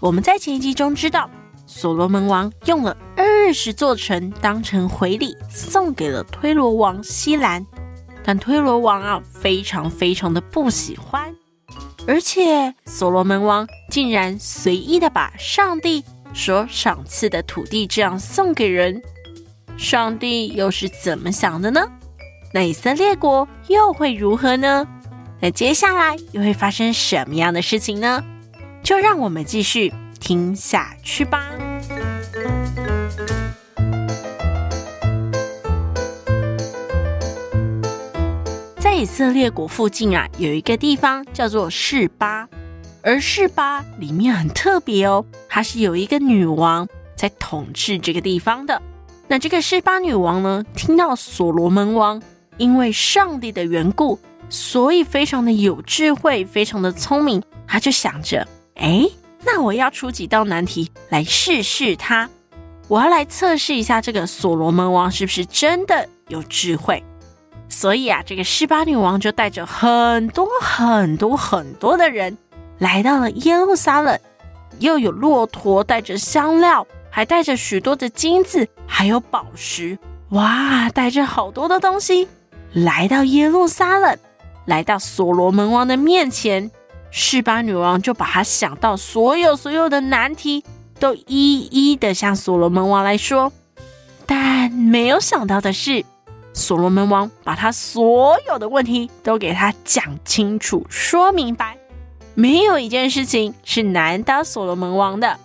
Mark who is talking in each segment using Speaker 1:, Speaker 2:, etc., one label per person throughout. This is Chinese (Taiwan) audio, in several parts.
Speaker 1: 我們在前一集中知道，所羅門王用了二十座城當成回禮送給了推羅王希蘭，但推羅王啊非常非常的不喜歡，而且所羅門王竟然隨意的把上帝所賞賜的土地這樣送給人，上帝又是怎麼想的呢？那以色列國又會如何呢？那接下來又會發生什麼樣的事情呢？就讓我們繼續聽下去吧。在以色列國附近啊，有一個地方叫做示巴，而示巴裡面很特別哦，它是有一個女王在統治這個地方的。那這個示巴女王呢，聽到所羅門王因為上帝的緣故，所以非常的有智慧，非常的聰明，她就想着。誒，那我要出幾道難題來試試他，我要來測試一下這個所羅門王是不是真的有智慧。所以啊，這個示巴女王就帶着很多很多很多的人，來到了耶路撒冷，又有駱駝帶着香料，還帶着許多的金子，還有寶石，哇，帶着好多的東西來到耶路撒冷，來到所羅門王的面前。示巴女王就把他想到所有所有的難題都一一的向所羅門王來說，但沒有想到的是，所羅門王把他所有的問題都給他講清楚、說明白，沒有一件事情是難倒所羅門王的，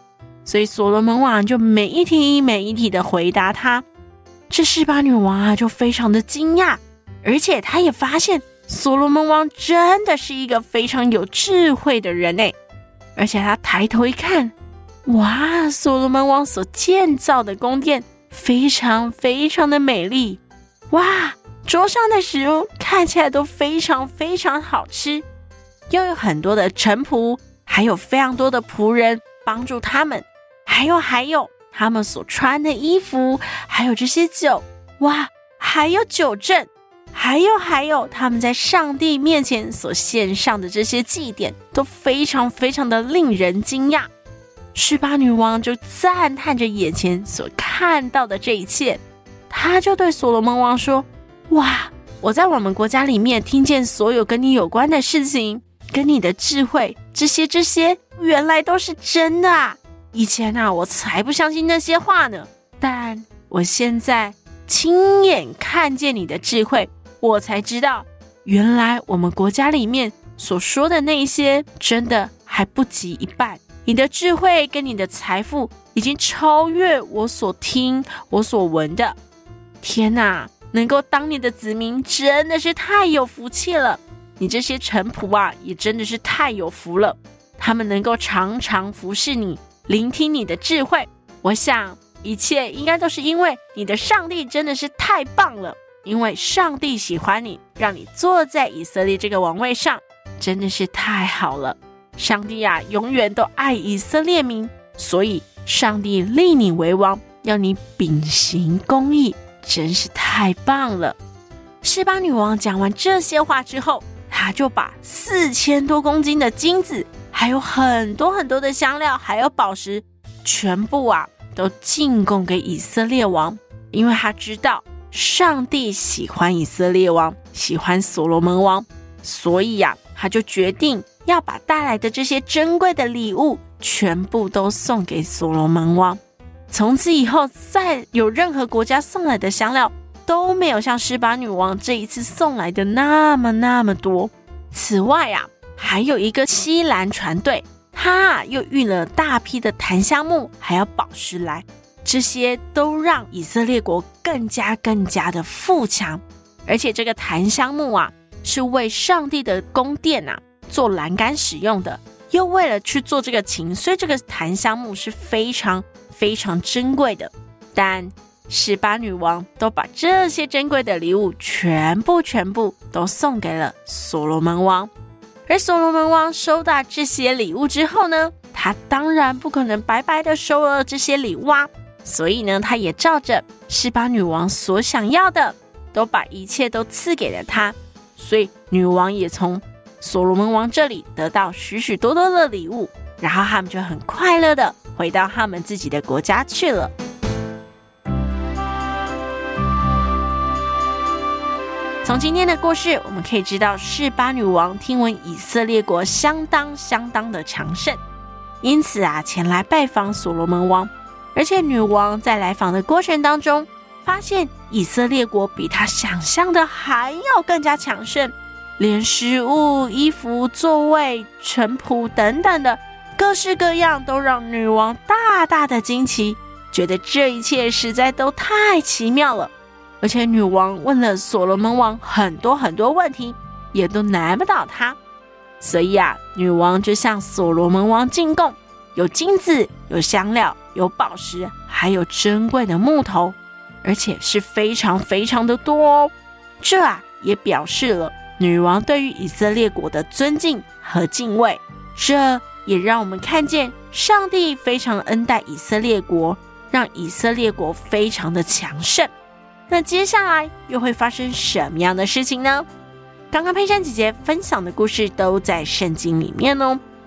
Speaker 1: 所以所羅門王就每一題每一題的回答他，這示巴女王啊就非常的驚訝，而且她也發現。所羅門王真的是一個非常有智慧的人哎，而且他抬頭一看，哇！所羅門王所建造的宮殿非常非常的美麗，哇！桌上的食物看起來都非常非常好吃，又有很多的臣僕，還有非常多的僕人幫助他們，還有還有他們所穿的衣服，還有這些酒，哇！還有酒政。還有還有，他們在上帝面前所獻上的這些祭典都非常非常的令人驚訝。示巴女王就讚嘆着眼前所看到的這一切，她就對所羅門王說：“哇，我在我們國家裡面聽見所有跟你有關的事情，跟你的智慧，這些這些原來都是真的。以前啊，我才不相信那些話呢，但我現在親眼看見你的智慧。”我才知道，原來我們國家裡面所說的那些，真的還不及一半。你的智慧跟你的財富，已經超越我所聽、我所聞的。天哪、啊，能夠當你的子民，真的是太有福氣了。你這些臣僕啊，也真的是太有福了，他們能夠常常服侍你，聆聽你的智慧。我想，一切應該都是因為你的上帝，真的是太棒了。因為上帝喜歡你，讓你坐在以色列這個王位上，真的是太好了。上帝啊，永遠都愛以色列民，所以上帝立你為王，要你秉行公義，真是太棒了。示巴女王講完這些話之後，她就把四千多公斤的金子，還有很多很多的香料，還有寶石，全部啊，都進貢給以色列王，因為她知道。上帝喜歡以色列王，喜歡所羅門王，所以呀、啊，他就決定要把帶來的這些珍貴的禮物全部都送給所羅門王。從此以後，再有任何國家送來的香料都沒有像示巴女王這一次送來的那麼那麼多。此外啊，還有一個西蘭船隊，他、啊、又運了大批的檀香木，還有寶石來。這些都讓以色列國更加更加的富強，而且這個檀香木啊，是為上帝的宮殿啊做欄杆使用的，又為了去做這個琴，所以這個檀香木是非常非常珍貴的。但示巴女王都把這些珍貴的禮物全部全部都送給了所羅門王，而所羅門王收到這些禮物之後呢，他當然不可能白白的收了這些禮物啊。所以呢，他也照着示巴女王所想要的，都把一切都賜給了他。所以女王也從所羅門王這裡得到許許多多多的禮物，然後他們就很快樂的回到他們自己的國家去了。從今天的故事，我們可以知道，示巴女王聽聞以色列國相當相當的強盛，因此啊，前來拜訪所羅門王。而且女王在來訪的過程當中，發現以色列國比她想象的還要更加強盛，連食物、衣服、座位、臣僕等等的各式各樣，都讓女王大大的驚奇，覺得這一切實在都太奇妙了。而且女王問了所羅門王很多很多問題，也都難不倒他，所以啊，女王就向所羅門王進貢，有金子，有香料。有寶石，還有珍貴的木頭，而且是非常非常的多哦。這啊也表示了女王對於以色列國的尊敬和敬畏。這也讓我們看見上帝非常恩待以色列國，讓以色列國非常的強盛。那接下來又會發生什麼樣的事情呢？剛剛佩珊姐姐分享的故事都在聖經裡面哦。